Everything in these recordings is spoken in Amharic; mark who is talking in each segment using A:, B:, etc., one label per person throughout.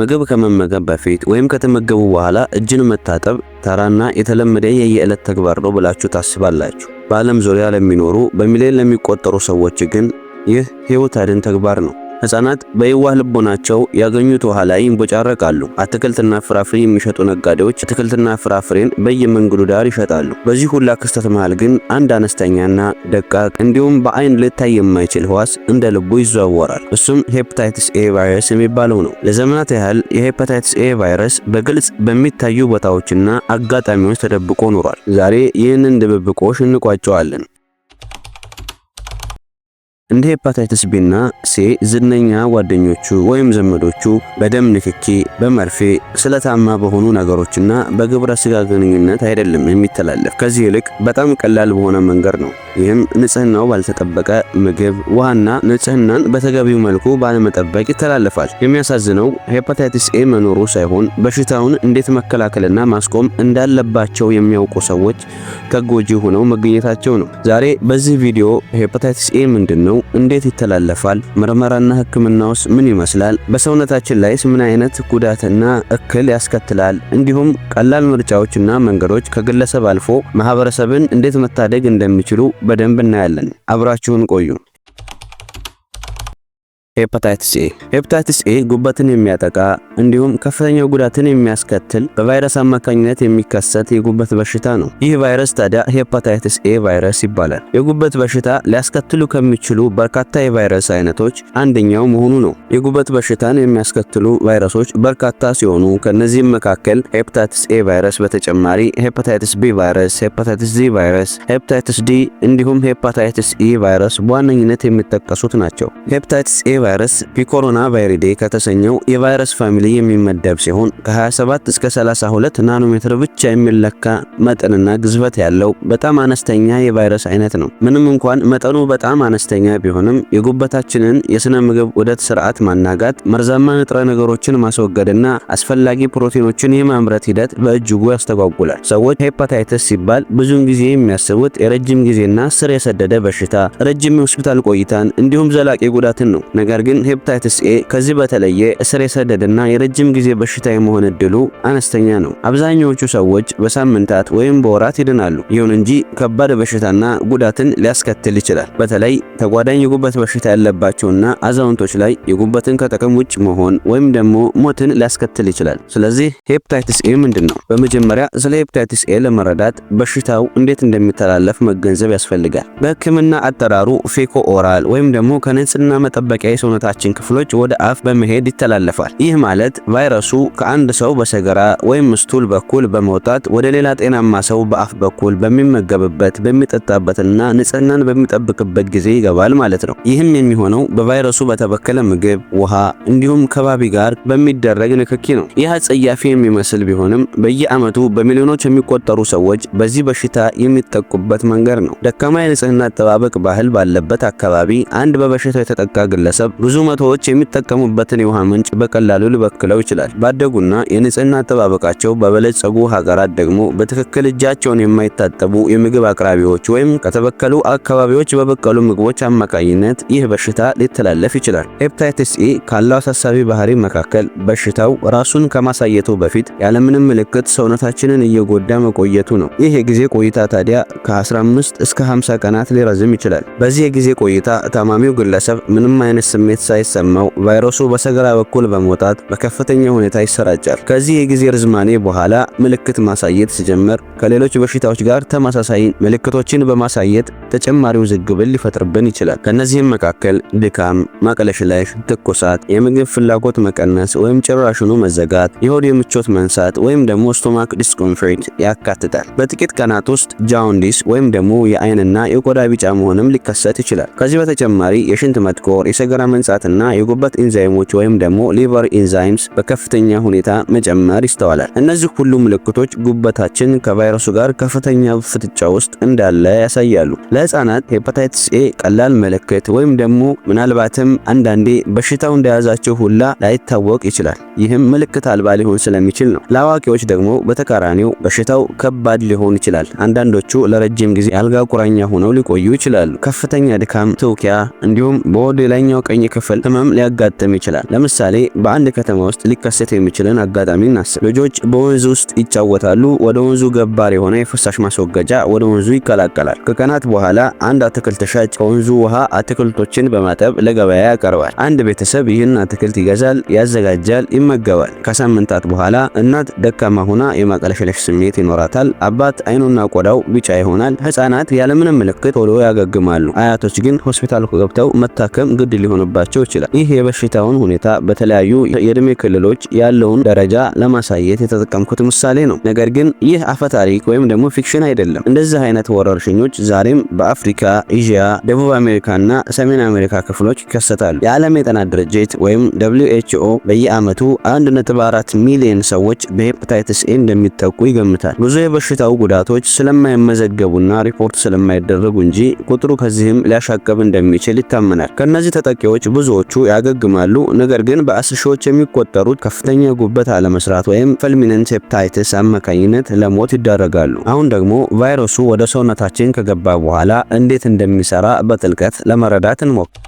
A: ምግብ ከመመገብ በፊት ወይም ከተመገቡ በኋላ እጅን መታጠብ ተራና የተለመደ የየዕለት ተግባር ነው ብላችሁ ታስባላችሁ? በዓለም ዙሪያ ለሚኖሩ በሚሊዮን ለሚቆጠሩ ሰዎች ግን ይህ ሕይወት አድን ተግባር ነው። ህጻናት በየዋህ ልቦናቸው ያገኙት ውሃ ላይ ይንቦጫረቃሉ። አትክልትና ፍራፍሬ የሚሸጡ ነጋዴዎች አትክልትና ፍራፍሬን በየመንገዱ ዳር ይሸጣሉ። በዚህ ሁላ ክስተት መሃል ግን አንድ አነስተኛና ደቃቅ እንዲሁም በአይን ልታይ የማይችል ህዋስ እንደ ልቡ ይዘዋወራል። እሱም ሄፓታይትስ ኤ ቫይረስ የሚባለው ነው። ለዘመናት ያህል የሄፓታይትስ ኤ ቫይረስ በግልጽ በሚታዩ ቦታዎችና አጋጣሚዎች ተደብቆ ኖሯል። ዛሬ ይህንን ድብብቆሽ እንቋጨዋለን። እንደ ሄፓታይተስ ቢና ሴ ዝነኛ ጓደኞቹ ወይም ዘመዶቹ በደም ንክኪ፣ በመርፌ ስለታማ በሆኑ ነገሮችና በግብረ ስጋ ግንኙነት አይደለም የሚተላለፍ። ከዚህ ይልቅ በጣም ቀላል በሆነ መንገድ ነው። ይህም ንጽህናው ባልተጠበቀ ምግብ፣ ውሃና ንጽህናን በተገቢው መልኩ ባለመጠበቅ ይተላለፋል። የሚያሳዝነው ሄፓታይተስ ኤ መኖሩ ሳይሆን በሽታውን እንዴት መከላከልና ማስቆም እንዳለባቸው የሚያውቁ ሰዎች ተጎጂ ሆነው መገኘታቸው ነው። ዛሬ በዚህ ቪዲዮ ሄፓታይተስ ኤ ምንድን ነው ነው? እንዴት ይተላለፋል? ምርመራና ህክምናውስ ምን ይመስላል? በሰውነታችን ላይስ ምን አይነት ጉዳትና እክል ያስከትላል? እንዲሁም ቀላል ምርጫዎችና መንገዶች ከግለሰብ አልፎ ማህበረሰብን እንዴት መታደግ እንደሚችሉ በደንብ እናያለን። አብራችሁን ቆዩ። ሄፓታይትስ ኤ ሄፓታይትስ ኤ ጉበትን የሚያጠቃ እንዲሁም ከፍተኛ ጉዳትን የሚያስከትል በቫይረስ አማካኝነት የሚከሰት የጉበት በሽታ ነው። ይህ ቫይረስ ታዲያ ሄፓታይትስ ኤ ቫይረስ ይባላል። የጉበት በሽታ ሊያስከትሉ ከሚችሉ በርካታ የቫይረስ አይነቶች አንደኛው መሆኑ ነው። የጉበት በሽታን የሚያስከትሉ ቫይረሶች በርካታ ሲሆኑ ከነዚህም መካከል ሄፓታይትስ ኤ ቫይረስ በተጨማሪ ሄፓታይትስ ቢ ቫይረስ፣ ሄፓታይትስ ዚ ቫይረስ፣ ሄፓታይትስ ዲ እንዲሁም ሄፓታይትስ ኢ ቫይረስ በዋነኝነት የሚጠቀሱት ናቸው። ሄፓታይትስ ኤ ቫይረስ ፒኮሮና ቫይሪዴ ከተሰኘው የቫይረስ ፋሚሊ የሚመደብ ሲሆን ከ27 እስከ 32 ናኖሜትር ብቻ የሚለካ መጠንና ግዝበት ያለው በጣም አነስተኛ የቫይረስ አይነት ነው። ምንም እንኳን መጠኑ በጣም አነስተኛ ቢሆንም የጉበታችንን የስነ ምግብ ዑደት ስርዓት ማናጋት፣ መርዛማ ንጥረ ነገሮችን ማስወገድና አስፈላጊ ፕሮቲኖችን የማምረት ሂደት በእጅጉ ያስተጓጉላል። ሰዎች ሄፓታይተስ ሲባል ብዙውን ጊዜ የሚያስቡት የረጅም ጊዜና ስር የሰደደ በሽታ፣ ረጅም የሆስፒታል ቆይታን እንዲሁም ዘላቂ ጉዳትን ነው። ነገር ነገር ግን ሄፕታይትስ ኤ ከዚህ በተለየ ስር የሰደደና የረጅም ጊዜ በሽታ የመሆን እድሉ አነስተኛ ነው። አብዛኛዎቹ ሰዎች በሳምንታት ወይም በወራት ይድናሉ። ይሁን እንጂ ከባድ በሽታና ጉዳትን ሊያስከትል ይችላል። በተለይ ተጓዳኝ የጉበት በሽታ ያለባቸውና አዛውንቶች ላይ የጉበትን ከጥቅም ውጭ መሆን ወይም ደግሞ ሞትን ሊያስከትል ይችላል። ስለዚህ ሄፕታይትስ ኤ ምንድን ነው? በመጀመሪያ ስለ ሄፕታይትስ ኤ ለመረዳት በሽታው እንዴት እንደሚተላለፍ መገንዘብ ያስፈልጋል። በህክምና አጠራሩ ፌኮ ኦራል ወይም ደግሞ ከንጽህና መጠበቂያ የሰውነታችን ክፍሎች ወደ አፍ በመሄድ ይተላለፋል። ይህ ማለት ቫይረሱ ከአንድ ሰው በሰገራ ወይም ስቱል በኩል በመውጣት ወደ ሌላ ጤናማ ሰው በአፍ በኩል በሚመገብበት፣ በሚጠጣበትና ንጽህናን በሚጠብቅበት ጊዜ ይገባል ማለት ነው። ይህም የሚሆነው በቫይረሱ በተበከለ ምግብ፣ ውሃ እንዲሁም ከባቢ ጋር በሚደረግ ንክኪ ነው። ይህ አጸያፊ የሚመስል ቢሆንም በየዓመቱ በሚሊዮኖች የሚቆጠሩ ሰዎች በዚህ በሽታ የሚጠቁበት መንገድ ነው። ደካማ የንጽህና አጠባበቅ ባህል ባለበት አካባቢ አንድ በበሽታው የተጠቃ ግለሰብ ብዙ መቶዎች የሚጠቀሙበትን የውሃ ምንጭ በቀላሉ ሊበክለው ይችላል። ባደጉና የንጽህና አጠባበቃቸው በበለጸጉ ሀገራት ደግሞ በትክክል እጃቸውን የማይታጠቡ የምግብ አቅራቢዎች ወይም ከተበከሉ አካባቢዎች በበቀሉ ምግቦች አማካኝነት ይህ በሽታ ሊተላለፍ ይችላል። ሄፓታይተስ ኤ ካለው አሳሳቢ ባህሪ መካከል በሽታው ራሱን ከማሳየቱ በፊት ያለምንም ምልክት ሰውነታችንን እየጎዳ መቆየቱ ነው። ይህ የጊዜ ቆይታ ታዲያ ከ15 እስከ 50 ቀናት ሊረዝም ይችላል። በዚህ የጊዜ ቆይታ ታማሚው ግለሰብ ምንም አይነት ስሜት ሳይሰማው ቫይረሱ በሰገራ በኩል በመውጣት በከፍተኛ ሁኔታ ይሰራጫል። ከዚህ የጊዜ ርዝማኔ በኋላ ምልክት ማሳየት ሲጀምር ከሌሎች በሽታዎች ጋር ተመሳሳይ ምልክቶችን በማሳየት ተጨማሪ ውዝግብን ሊፈጥርብን ይችላል። ከነዚህም መካከል ድካም፣ ማቅለሽለሽ፣ ትኩሳት፣ የምግብ ፍላጎት መቀነስ ወይም ጭራሽኑ መዘጋት፣ የሆድ የምቾት መንሳት ወይም ደግሞ ስቶማክ ዲስኮምፎርት ያካትታል። በጥቂት ቀናት ውስጥ ጃውንዲስ ወይም ደግሞ የአይንና የቆዳ ቢጫ መሆንም ሊከሰት ይችላል። ከዚህ በተጨማሪ የሽንት መጥቆር፣ የሰገራ መንጻትና የጉበት ኢንዛይሞች ወይም ደግሞ ሊቨር ኢንዛይምስ በከፍተኛ ሁኔታ መጨመር ይስተዋላል። እነዚህ ሁሉ ምልክቶች ጉበታችን ከቫይረሱ ጋር ከፍተኛ ፍጥጫ ውስጥ እንዳለ ያሳያሉ። ለህፃናት ሄፓታይትስ ኤ ቀላል ምልክት ወይም ደግሞ ምናልባትም አንዳንዴ በሽታው እንደያዛቸው ሁላ ላይታወቅ ይችላል። ይህም ምልክት አልባ ሊሆን ስለሚችል ነው። ለአዋቂዎች ደግሞ በተቃራኒው በሽታው ከባድ ሊሆን ይችላል። አንዳንዶቹ ለረጅም ጊዜ አልጋ ቁራኛ ሆነው ሊቆዩ ይችላሉ። ከፍተኛ ድካም፣ ትውኪያ እንዲሁም በሆድ ላይኛው ቀኝ የክፍል ህመም ሊያጋጥም ይችላል። ለምሳሌ በአንድ ከተማ ውስጥ ሊከሰት የሚችልን አጋጣሚ እናስብ። ልጆች በወንዝ ውስጥ ይጫወታሉ። ወደ ወንዙ ገባር የሆነ የፍሳሽ ማስወገጃ ወደ ወንዙ ይቀላቀላል። ከቀናት በኋላ አንድ አትክልት ሻጭ ከወንዙ ውሃ አትክልቶችን በማጠብ ለገበያ ያቀርባል። አንድ ቤተሰብ ይህን አትክልት ይገዛል፣ ያዘጋጃል፣ ይመገባል። ከሳምንታት በኋላ እናት ደካማ ሆና የማቅለሽለሽ ስሜት ይኖራታል። አባት አይኑና ቆዳው ቢጫ ይሆናል። ህጻናት ያለምንም ምልክት ቶሎ ያገግማሉ። አያቶች ግን ሆስፒታል ገብተው መታከም ግድ ሊሆነ ሊሆንባቸው ይችላል። ይህ የበሽታውን ሁኔታ በተለያዩ የእድሜ ክልሎች ያለውን ደረጃ ለማሳየት የተጠቀምኩት ምሳሌ ነው። ነገር ግን ይህ አፈታሪክ ወይም ደግሞ ፊክሽን አይደለም። እንደዚህ አይነት ወረርሽኞች ዛሬም በአፍሪካ፣ ኤዥያ፣ ደቡብ እና ሰሜን አሜሪካ ክፍሎች ይከሰታሉ። የዓለም የጤና ድርጅት ወይም ደብሊው ኤች ኦ በየዓመቱ 1.4 ሚሊዮን ሰዎች በሄፕታይትስ ኤ እንደሚጠቁ ይገምታል። ብዙ የበሽታው ጉዳቶች ስለማይመዘገቡና ሪፖርት ስለማይደረጉ እንጂ ቁጥሩ ከዚህም ሊያሻቀብ እንደሚችል ይታመናል። ከእነዚህ ተጠቂዎች ሰዎች ብዙዎቹ ያገግማሉ። ነገር ግን በአስር ሺዎች የሚቆጠሩት ከፍተኛ የጉበት አለመስራት ወይም ፉልሚነንት ሄፓታይተስ አማካኝነት ለሞት ይዳረጋሉ። አሁን ደግሞ ቫይረሱ ወደ ሰውነታችን ከገባ በኋላ እንዴት እንደሚሰራ በጥልቀት ለመረዳት እንሞክር።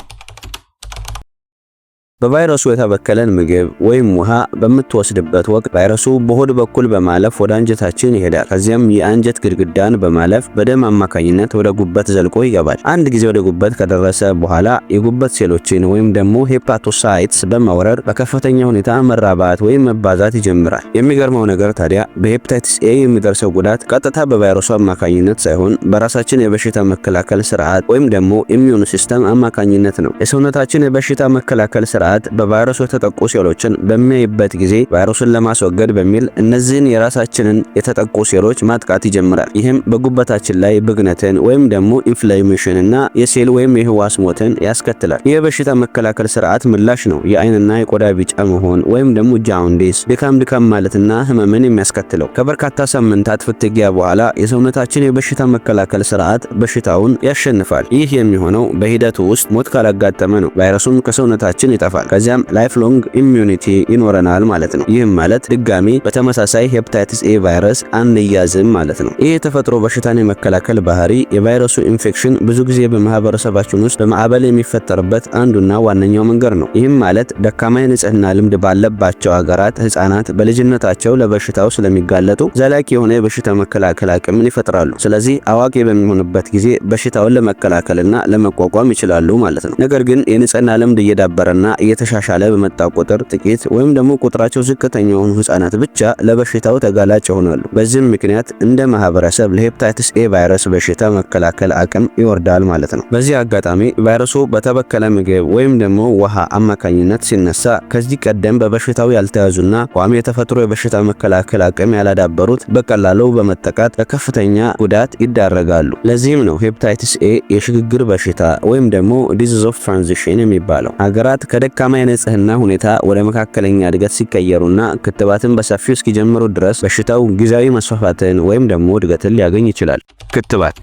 A: በቫይረሱ የተበከለን ምግብ ወይም ውሃ በምትወስድበት ወቅት ቫይረሱ በሆድ በኩል በማለፍ ወደ አንጀታችን ይሄዳል። ከዚያም የአንጀት ግድግዳን በማለፍ በደም አማካኝነት ወደ ጉበት ዘልቆ ይገባል። አንድ ጊዜ ወደ ጉበት ከደረሰ በኋላ የጉበት ሴሎችን ወይም ደግሞ ሄፓቶሳይትስ በመውረር በከፍተኛ ሁኔታ መራባት ወይም መባዛት ይጀምራል። የሚገርመው ነገር ታዲያ በሄፓታይትስ ኤ የሚደርሰው ጉዳት ቀጥታ በቫይረሱ አማካኝነት ሳይሆን በራሳችን የበሽታ መከላከል ስርዓት ወይም ደግሞ ኢሚዩን ሲስተም አማካኝነት ነው። የሰውነታችን የበሽታ መከላከል ስርዓት ስርዓት በቫይረሱ የተጠቁ ሴሎችን በሚያይበት ጊዜ ቫይረሱን ለማስወገድ በሚል እነዚህን የራሳችንን የተጠቁ ሴሎች ማጥቃት ይጀምራል። ይህም በጉበታችን ላይ ብግነትን ወይም ደግሞ ኢንፍላሜሽንና የሴል ወይም የህዋስ ሞትን ያስከትላል። ይህ በሽታ መከላከል ስርዓት ምላሽ ነው የአይንና የቆዳ ቢጫ መሆን ወይም ደግሞ ጃውንዲስ፣ ድካም ድካም ማለትና ህመምን የሚያስከትለው። ከበርካታ ሳምንታት ፍትጊያ በኋላ የሰውነታችን የበሽታ መከላከል ስርዓት በሽታውን ያሸንፋል። ይህ የሚሆነው በሂደቱ ውስጥ ሞት ካላጋጠመ ነው። ቫይረሱም ከሰውነታችን ይጠፋል። ያሸንፋል። ከዚያም ላይፍ ሎንግ ኢሚዩኒቲ ይኖረናል ማለት ነው። ይህም ማለት ድጋሚ በተመሳሳይ ሄፕታይትስ ኤ ቫይረስ አንያዝም ማለት ነው። ይህ የተፈጥሮ በሽታን የመከላከል ባህሪ የቫይረሱ ኢንፌክሽን ብዙ ጊዜ በማህበረሰባችን ውስጥ በማዕበል የሚፈጠርበት አንዱና ዋነኛው መንገድ ነው። ይህም ማለት ደካማ የንጽህና ልምድ ባለባቸው ሀገራት ህጻናት በልጅነታቸው ለበሽታው ስለሚጋለጡ ዘላቂ የሆነ የበሽታ መከላከል አቅምን ይፈጥራሉ። ስለዚህ አዋቂ በሚሆንበት ጊዜ በሽታውን ለመከላከልና ለመቋቋም ይችላሉ ማለት ነው። ነገር ግን የንጽህና ልምድ እየዳበረና እየተሻሻለ በመጣ ቁጥር ጥቂት ወይም ደግሞ ቁጥራቸው ዝቅተኛ የሆኑ ህጻናት ብቻ ለበሽታው ተጋላጭ ይሆናሉ። በዚህም ምክንያት እንደ ማህበረሰብ ለሄፕታይትስ ኤ ቫይረስ በሽታ መከላከል አቅም ይወርዳል ማለት ነው። በዚህ አጋጣሚ ቫይረሱ በተበከለ ምግብ ወይም ደግሞ ውሃ አማካኝነት ሲነሳ ከዚህ ቀደም በበሽታው ያልተያዙና ቋሚ የተፈጥሮ የበሽታ መከላከል አቅም ያላዳበሩት በቀላሉ በመጠቃት ለከፍተኛ ጉዳት ይዳረጋሉ። ለዚህም ነው ሄፕታይትስ ኤ የሽግግር በሽታ ወይም ደግሞ ዲዚዝ ኦፍ ትራንዚሽን የሚባለው ሀገራት ከደ ደካማ የንጽህና ሁኔታ ወደ መካከለኛ እድገት ሲቀየሩና ክትባትን በሰፊው እስኪጀምሩ ድረስ በሽታው ጊዜያዊ መስፋፋትን ወይም ደግሞ እድገትን ሊያገኝ ይችላል። ክትባት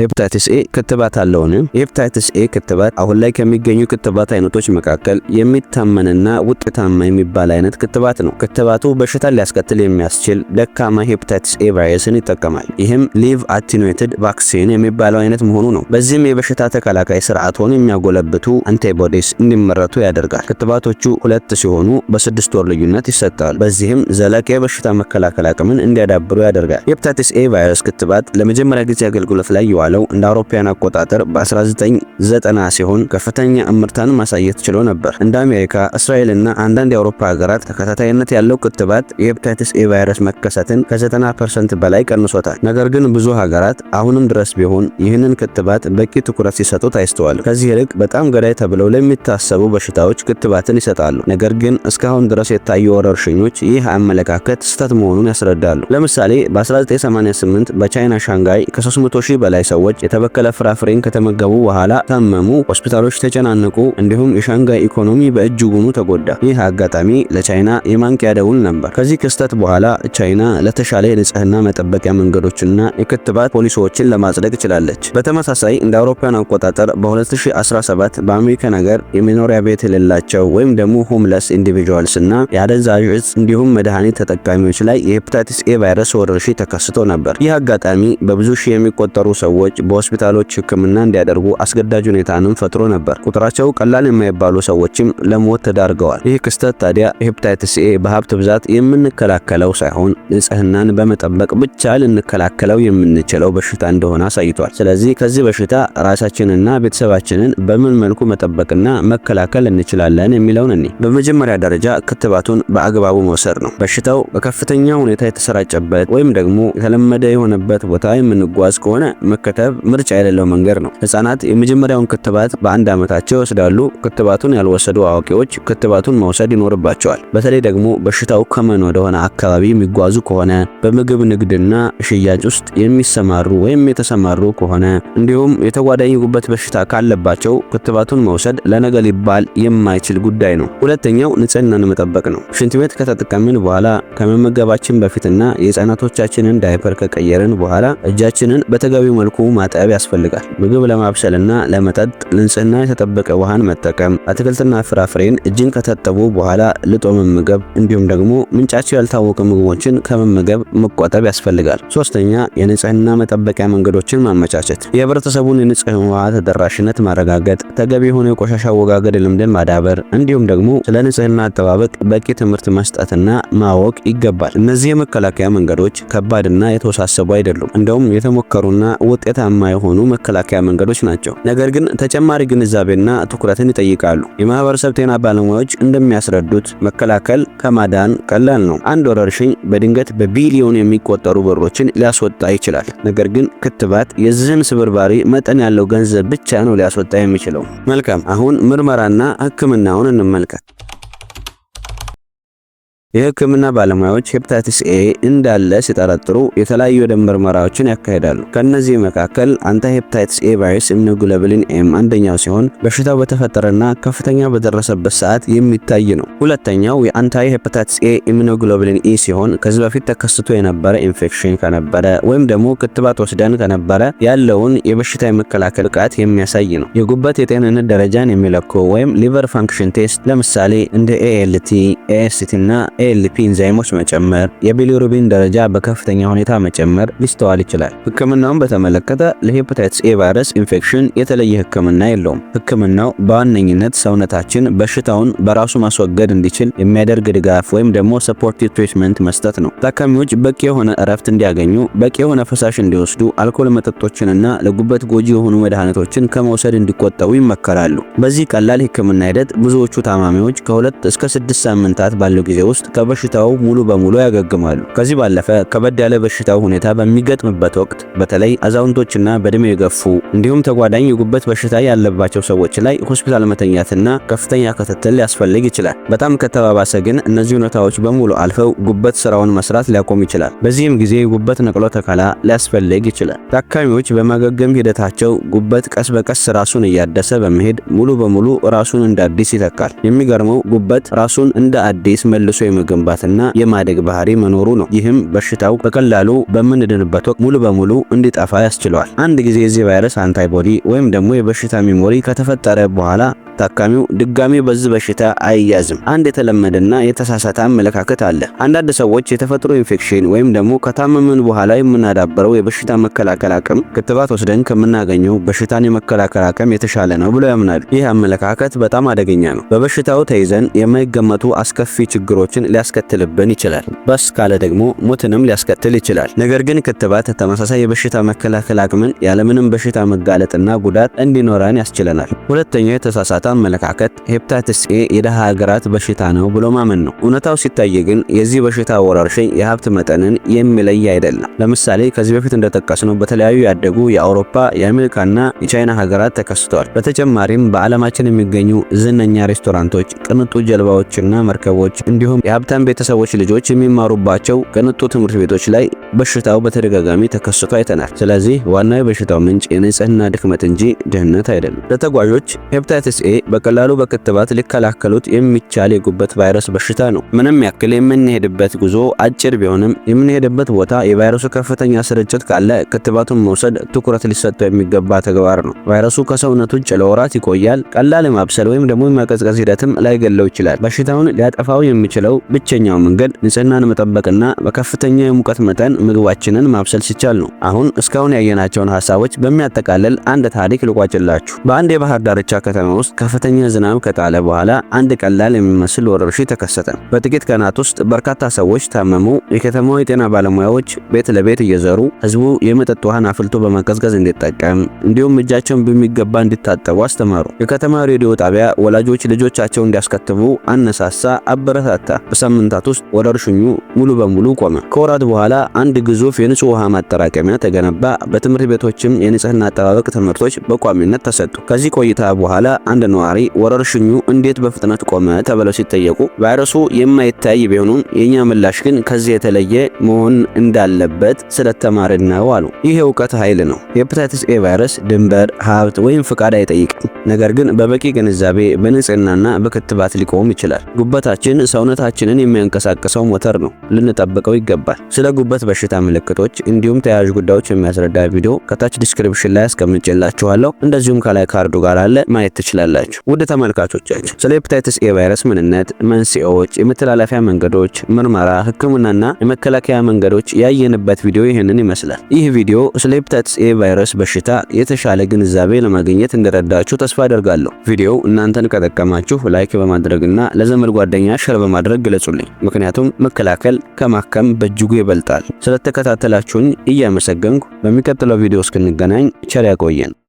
A: ሄፕታይትስ ኤ ክትባት አለውን? የሄፓታይተስ ኤ ክትባት አሁን ላይ ከሚገኙ ክትባት አይነቶች መካከል የሚታመንና ውጤታማ የሚባል አይነት ክትባት ነው። ክትባቱ በሽታን ሊያስከትል የሚያስችል ደካማ ሄፕታይትስ ኤ ቫይረስን ይጠቀማል። ይህም ሊቭ አቲኑዌትድ ቫክሲን የሚባለው አይነት መሆኑ ነው። በዚህም የበሽታ ተከላካይ ስርዓቶን የሚያጎለብቱ አንቲቦዲስ እንዲመረቱ ያደርጋል። ክትባቶቹ ሁለት ሲሆኑ በስድስት ወር ልዩነት ይሰጣሉ። በዚህም ዘላቂ የበሽታ መከላከል አቅምን እንዲያዳብሩ ያደርጋል። ሄፕታይትስ ኤ ቫይረስ ክትባት ለመጀመሪያ ጊዜ አገልግሎት ላይ ይዋል የተባለው እንደ አውሮፓውያን አቆጣጠር በ1990 ሲሆን ከፍተኛ እምርታን ማሳየት ችሎ ነበር። እንደ አሜሪካ፣ እና አንዳንድ የአውሮፓ ሀገራት ተከታታይነት ያለው ክትባት የሄፕታይትስ ኤ ቫይረስ መከሰትን ከ90% በላይ ቀንሶታል። ነገር ግን ብዙ ሀገራት አሁንም ድረስ ቢሆን ይህንን ክትባት በቂ ትኩረት ሲሰጡት አይስተዋልም። ከዚህ ይልቅ በጣም ገዳይ ተብለው ለሚታሰቡ በሽታዎች ክትባትን ይሰጣሉ። ነገር ግን እስካሁን ድረስ የታዩ ወረርሽኞች ይህ አመለካከት ስህተት መሆኑን ያስረዳሉ። ለምሳሌ በ1988 በቻይና ሻንጋይ ከ300 ሺህ በላይ ሰዎች የተበከለ ፍራፍሬን ከተመገቡ በኋላ ታመሙ፣ ሆስፒታሎች ተጨናነቁ፣ እንዲሁም የሻንጋይ ኢኮኖሚ በእጅጉኑ ተጎዳ። ይህ አጋጣሚ ለቻይና የማንቂያ ደውል ነበር። ከዚህ ክስተት በኋላ ቻይና ለተሻለ የንጽህና መጠበቂያ መንገዶችና የክትባት ፖሊሲዎችን ለማጽደቅ ችላለች። በተመሳሳይ እንደ አውሮፓውያን አቆጣጠር በ2017 በአሜሪካን ሀገር የመኖሪያ ቤት የሌላቸው ወይም ደግሞ ሆምለስ ኢንዲቪጁዋልስ እና የአደንዛዥ እጽ እንዲሁም መድኃኒት ተጠቃሚዎች ላይ የሄፓታይቲስ ኤ ቫይረስ ወረርሽኝ ተከስቶ ነበር። ይህ አጋጣሚ በብዙ ሺህ የሚቆጠሩ ሰዎች ሰዎች በሆስፒታሎች ሕክምና እንዲያደርጉ አስገዳጅ ሁኔታንም ፈጥሮ ነበር። ቁጥራቸው ቀላል የማይባሉ ሰዎችም ለሞት ተዳርገዋል። ይህ ክስተት ታዲያ ሄፕታይትስ ኤ በሀብት ብዛት የምንከላከለው ሳይሆን ንጽህናን በመጠበቅ ብቻ ልንከላከለው የምንችለው በሽታ እንደሆነ አሳይቷል። ስለዚህ ከዚህ በሽታ ራሳችንና ቤተሰባችንን በምን መልኩ መጠበቅና መከላከል እንችላለን የሚለውን እኔ በመጀመሪያ ደረጃ ክትባቱን በአግባቡ መውሰድ ነው። በሽታው በከፍተኛ ሁኔታ የተሰራጨበት ወይም ደግሞ የተለመደ የሆነበት ቦታ የምንጓዝ ከሆነ መከ ለመከተብ ምርጫ የሌለው መንገድ ነው። ህጻናት የመጀመሪያውን ክትባት በአንድ ዓመታቸው ይወስዳሉ። ክትባቱን ያልወሰዱ አዋቂዎች ክትባቱን መውሰድ ይኖርባቸዋል። በተለይ ደግሞ በሽታው ከመን ወደሆነ አካባቢ የሚጓዙ ከሆነ በምግብ ንግድና ሽያጭ ውስጥ የሚሰማሩ ወይም የተሰማሩ ከሆነ እንዲሁም የተጓዳኝ በሽታ ካለባቸው ክትባቱን መውሰድ ለነገ ሊባል የማይችል ጉዳይ ነው። ሁለተኛው ንጽህናን መጠበቅ ነው። ሽንት ቤት ከተጠቀምን በኋላ ከመመገባችን በፊትና የህፃናቶቻችንን ዳይፐር ከቀየርን በኋላ እጃችንን በተገቢው መልኩ ማጠብ ያስፈልጋል። ምግብ ለማብሰልና ለመጠጥ ንጽህና የተጠበቀ ውሃን መጠቀም፣ አትክልትና ፍራፍሬን እጅን ከታጠቡ በኋላ ልጦ መመገብ፣ እንዲሁም ደግሞ ምንጫቸው ያልታወቀ ምግቦችን ከመመገብ መቆጠብ ያስፈልጋል። ሶስተኛ የንጽህና መጠበቂያ መንገዶችን ማመቻቸት፣ የህብረተሰቡን የንጹህ ውሃ ተደራሽነት ማረጋገጥ፣ ተገቢ የሆነ የቆሻሻ አወጋገድ ልምድን ማዳበር፣ እንዲሁም ደግሞ ስለ ንጽህና አጠባበቅ በቂ ትምህርት መስጠትና ማወቅ ይገባል። እነዚህ የመከላከያ መንገዶች ከባድና የተወሳሰቡ አይደሉም። እንደውም የተሞከሩና ውጤ ውድቀታማ የሆኑ መከላከያ መንገዶች ናቸው። ነገር ግን ተጨማሪ ግንዛቤና ትኩረትን ይጠይቃሉ። የማህበረሰብ ጤና ባለሙያዎች እንደሚያስረዱት መከላከል ከማዳን ቀላል ነው። አንድ ወረርሽኝ በድንገት በቢሊዮን የሚቆጠሩ በሮችን ሊያስወጣ ይችላል። ነገር ግን ክትባት የዚህን ስብርባሪ መጠን ያለው ገንዘብ ብቻ ነው ሊያስወጣ የሚችለው። መልካም፣ አሁን ምርመራና ሕክምናውን እንመልከት። የህክምና ባለሙያዎች ሄፓታይተስ ኤ እንዳለ ሲጠረጥሩ የተለያዩ የደም ምርመራዎችን ያካሂዳሉ። ከእነዚህ መካከል አንቲ ሄፓታይተስ ኤ ቫይረስ ኢምኖግሎቡሊን ኤም አንደኛው ሲሆን በሽታው በተፈጠረና ከፍተኛ በደረሰበት ሰዓት የሚታይ ነው። ሁለተኛው የአንታይ ሄፓታይተስ ኤ ኢምኖግሎቡሊን ኢ ሲሆን ከዚህ በፊት ተከስቶ የነበረ ኢንፌክሽን ከነበረ ወይም ደግሞ ክትባት ወስደን ከነበረ ያለውን የበሽታ የመከላከል ብቃት የሚያሳይ ነው። የጉበት የጤንነት ደረጃን የሚለኩ ወይም ሊቨር ፋንክሽን ቴስት ለምሳሌ እንደ ኤኤልቲ ኤስቲ እና ኤልፒ ኢንዛይሞች መጨመር፣ የቢሊሩቢን ደረጃ በከፍተኛ ሁኔታ መጨመር ሊስተዋል ይችላል። ህክምናውን በተመለከተ ለሄፓታይትስ ኤ ቫይረስ ኢንፌክሽን የተለየ ህክምና የለውም። ህክምናው በዋነኝነት ሰውነታችን በሽታውን በራሱ ማስወገድ እንዲችል የሚያደርግ ድጋፍ ወይም ደግሞ ሰፖርቲቭ ትሪትመንት መስጠት ነው። ታካሚዎች በቂ የሆነ እረፍት እንዲያገኙ፣ በቂ የሆነ ፈሳሽ እንዲወስዱ፣ አልኮል መጠጦችንና ለጉበት ጎጂ የሆኑ መድኃኒቶችን ከመውሰድ እንዲቆጠቡ ይመከራሉ። በዚህ ቀላል ህክምና ሂደት ብዙዎቹ ታማሚዎች ከሁለት እስከ ስድስት ሳምንታት ባለው ጊዜ ውስጥ ከበሽታው ሙሉ በሙሉ ያገግማሉ። ከዚህ ባለፈ ከበድ ያለ በሽታው ሁኔታ በሚገጥምበት ወቅት በተለይ አዛውንቶችና በእድሜ የገፉ እንዲሁም ተጓዳኝ የጉበት በሽታ ያለባቸው ሰዎች ላይ ሆስፒታል መተኛትና ከፍተኛ ክትትል ሊያስፈልግ ይችላል። በጣም ከተባባሰ ግን እነዚህ ሁኔታዎች በሙሉ አልፈው ጉበት ስራውን መስራት ሊያቆም ይችላል። በዚህም ጊዜ ጉበት ነቅሎ ተከላ ሊያስፈልግ ይችላል። ታካሚዎች በማገገም ሂደታቸው ጉበት ቀስ በቀስ ራሱን እያደሰ በመሄድ ሙሉ በሙሉ ራሱን እንደ አዲስ ይተካል። የሚገርመው ጉበት ራሱን እንደ አዲስ መልሶ የመገንባትና የማደግ ባህሪ መኖሩ ነው። ይህም በሽታው በቀላሉ በምንድንበት ወቅት ሙሉ በሙሉ እንዲጠፋ ያስችለዋል። አንድ ጊዜ የዚህ ቫይረስ አንታይቦዲ ወይም ደግሞ የበሽታ ሚሞሪ ከተፈጠረ በኋላ ታካሚው ድጋሚ በዚህ በሽታ አይያዝም። አንድ የተለመደና የተሳሳተ አመለካከት አለ። አንዳንድ ሰዎች የተፈጥሮ ኢንፌክሽን ወይም ደግሞ ከታመምን በኋላ የምናዳበረው የበሽታ መከላከል አቅም ክትባት ወስደን ከምናገኘው በሽታን የመከላከል አቅም የተሻለ ነው ብለው ያምናሉ። ይህ አመለካከት በጣም አደገኛ ነው። በበሽታው ተይዘን የማይገመቱ አስከፊ ችግሮችን ሊያስከትልብን ይችላል። በስ ካለ ደግሞ ሞትንም ሊያስከትል ይችላል። ነገር ግን ክትባት ተመሳሳይ የበሽታ መከላከል አቅምን ያለምንም በሽታ መጋለጥና ጉዳት እንዲኖረን ያስችለናል። ሁለተኛው የተሳሳተ አመለካከት ሄፕታይትስ ኤ የደሃ ሀገራት በሽታ ነው ብሎ ማመን ነው። እውነታው ሲታይ ግን የዚህ በሽታ ወረርሽኝ የሀብት መጠንን የሚለይ አይደለም። ለምሳሌ ከዚህ በፊት እንደጠቀስነው በተለያዩ ያደጉ የአውሮፓ የአሜሪካና የቻይና ሀገራት ተከስተዋል። በተጨማሪም በዓለማችን የሚገኙ ዝነኛ ሬስቶራንቶች፣ ቅንጡ ጀልባዎችና መርከቦች እንዲሁም የሀብታም ቤተሰቦች ልጆች የሚማሩባቸው ቅንጡ ትምህርት ቤቶች ላይ በሽታው በተደጋጋሚ ተከስቶ አይተናል። ስለዚህ ዋናው የበሽታው ምንጭ የንጽህና ድክመት እንጂ ድህነት አይደለም። ለተጓዦች ሄፕታይትስ ኤ በቀላሉ በክትባት ሊከላከሉት የሚቻል የጉበት ቫይረስ በሽታ ነው። ምንም ያክል የምንሄድበት ጉዞ አጭር ቢሆንም የምንሄድበት ቦታ የቫይረሱ ከፍተኛ ስርጭት ካለ ክትባቱን መውሰድ ትኩረት ሊሰጠው የሚገባ ተግባር ነው። ቫይረሱ ከሰውነት ውጭ ለወራት ይቆያል። ቀላል ማብሰል ወይም ደግሞ የማቀዝቀዝ ሂደትም ላይገለው ይችላል። በሽታውን ሊያጠፋው የሚችለው ብቸኛው መንገድ ንጽህናን መጠበቅና በከፍተኛ የሙቀት መጠን ምግባችንን ማብሰል ሲቻል ነው። አሁን እስካሁን ያየናቸውን ሀሳቦች በሚያጠቃልል አንድ ታሪክ ልቋጭላችሁ። በአንድ የባህር ዳርቻ ከተማ ውስጥ ከፍተኛ ዝናብ ከጣለ በኋላ አንድ ቀላል የሚመስል ወረርሽኝ ተከሰተ። በጥቂት ቀናት ውስጥ በርካታ ሰዎች ታመሙ። የከተማው የጤና ባለሙያዎች ቤት ለቤት እየዘሩ ህዝቡ የመጠጥ ውሃን አፍልቶ በማቀዝቀዝ እንዲጠቀም እንዲሁም እጃቸውን በሚገባ እንዲታጠቡ አስተማሩ። የከተማ ሬዲዮ ጣቢያ ወላጆች ልጆቻቸው እንዲያስከትቡ አነሳሳ፣ አበረታታ። በሳምንታት ውስጥ ወረርሽኙ ሙሉ በሙሉ ቆመ። ከወራት በኋላ አንድ ግዙፍ የንጹህ ውሃ ማጠራቀሚያ ተገነባ። በትምህርት ቤቶችም የንጽህና አጠባበቅ ትምህርቶች በቋሚነት ተሰጡ። ከዚህ ቆይታ በኋላ አንድ ነዋሪ ወረርሽኙ እንዴት በፍጥነት ቆመ ተብለው ሲጠየቁ ቫይረሱ የማይታይ ቢሆኑም የእኛ ምላሽ ግን ከዚህ የተለየ መሆን እንዳለበት ስለተማርን ነው አሉ። ይህ የእውቀት ኃይል ነው። የሄፓታይተስ ኤ ቫይረስ ድንበር፣ ሀብት ወይም ፍቃድ አይጠይቅም። ነገር ግን በበቂ ግንዛቤ፣ በንጽህናና በክትባት ሊቆም ይችላል። ጉበታችን፣ ሰውነታችን ልባችንን የሚያንቀሳቅሰው ሞተር ነው፣ ልንጠብቀው ይገባል። ስለ ጉበት በሽታ ምልክቶች እንዲሁም ተያያዥ ጉዳዮች የሚያስረዳ ቪዲዮ ከታች ዲስክሪፕሽን ላይ አስቀምጬላችኋለሁ። እንደዚሁም ከላይ ካርዱ ጋር አለ ማየት ትችላላችሁ። ውድ ተመልካቾቻችን ስለ ሄፓታይተስ ኤ ቫይረስ ምንነት፣ መንስኤዎች፣ የመተላለፊያ መንገዶች፣ ምርመራ፣ ህክምናና የመከላከያ መንገዶች ያየንበት ቪዲዮ ይህንን ይመስላል። ይህ ቪዲዮ ስለ ሄፓታይተስ ኤ ቫይረስ በሽታ የተሻለ ግንዛቤ ለማግኘት እንደረዳችሁ ተስፋ አደርጋለሁ። ቪዲዮው እናንተን ከጠቀማችሁ ላይክ በማድረግና ለዘመድ ጓደኛ ሸር በማድረግ ግለጹልኝ። ምክንያቱም መከላከል ከማከም በእጅጉ ይበልጣል። ስለተከታተላችሁኝ እያመሰገንኩ በሚቀጥለው ቪዲዮ እስክንገናኝ ቸር ያቆየን።